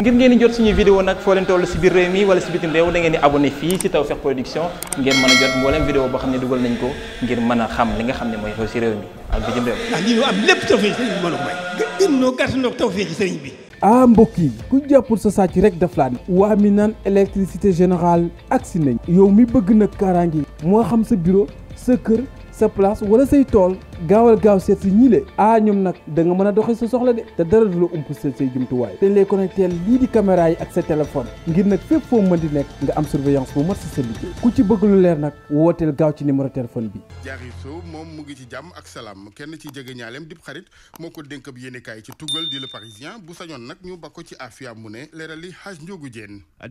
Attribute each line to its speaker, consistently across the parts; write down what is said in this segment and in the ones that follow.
Speaker 1: ngir ngeen di jot suñu vidéo nag foo leen toll si biir réew mi wala si bitim réew da ngeen di abonné fii si Tawfekh Production ngeen mën a jot mboolem vidéo boo xam ne dugal nañ ko ngir mën a xam li nga xam ne mooy xew si réew mi ak ah, bi mën
Speaker 2: a may.
Speaker 3: ah mbokk yi ku jàppul sa sàcc rek daf laan waa mi naan électricité générale agsi nañ. yow mi bëgg nag kaaraange moo xam sa bureau sa kër sa place wala say tool gaawal gaaw seet si ñii le ah nag da nga mën a doxee sa soxla de te dara du la ump sa say jumtuwaay te ñu lay connecté lii di caméra yi ak sa téléphone ngir nag fépp foo mën di nekk nga am surveillance bu mat si sa liggéey ku ci bëgg lu leer nag wooteel gaaw ci numéro téléphone bi Diary Sow moom mu ngi ci jàmm ak salaam kenn ci jege ñaaleem dib xarit moo ko dénk ab ci tugal di la parisien bu sañoon nag ñu bakko ci afia mu ne leeral li xaaj njóogu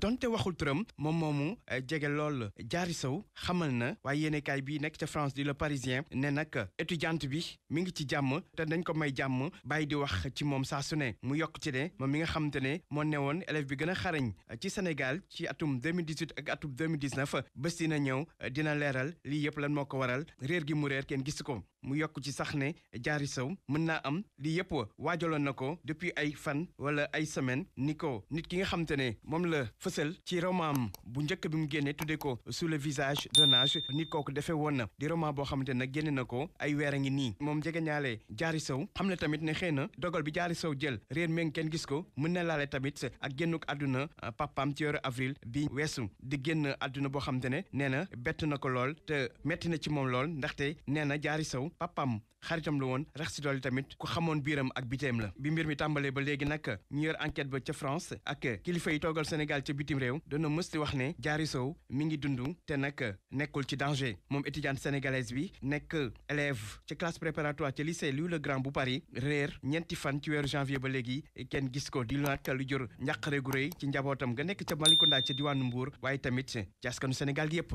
Speaker 2: donte waxul turam moom moomu eh, jege lool Diary Sow xamal na waaye yéenekaay bii nekk ca France di le parisien ne nag étudiant ant bi mi ngi ci jàmm te dañ ko may jàmm bàyyi di wax ci moom saa su ne mu yokk ci ne moom mi nga xamante ne moo newoon élève bi gën a xarañ ci Sénégal ci atum 2018 ak atum 2019 bés dina ñëw dina leeral lii yëpp lan moo ko waral réer gi mu réer kenn gis ko mu yokk ci sax ne jaari sow mën naa am lii yëpp waajaloon na ko depuis ay fan wala ay semaine ni ko nit ki nga xam ne moom la fësal ci roman bu njëkk bi mu génne tuddee ko sous le visage d'un ange nit kooku defee woon na di roman boo xamante ne génne na ko ay weer a ngi nii moom jege ñaale jaari sow xam ne tamit ne xëy na dogal bi jaari sow jël réer meeng kenn gis ko mën na laale tamit ak génnuk àdduna ah, papaam ci weeru avril bi weesu di génn àdduna boo xamante ne nee na bett na ko lool te metti na ci moom lool ndaxte nee na jaari sow papam xaritam la woon rax si dool tamit ku xamoon biiram ak biteem la bi mbir mi tàmbalee ba léegi nag ñu yor enquête ba ca France ak kilifa yi toogal Sénégal ca bitim réew doona mës di wax ne Diary Sow mi ngi dundu te nag nekkul ci danger moom étudiante sénégalaise bi nekk élève ca classe préparatoire ca lycée Louis le Grand bu Paris réer ñeenti fan ci weeru janvier ba léegi kenn gis ko di lu nag lu jur njàqare gu rëy ci njabootam nga nekk ca Malicounda ca diwaanu Mbour waaye tamit ci askanu Sénégal gi yëpp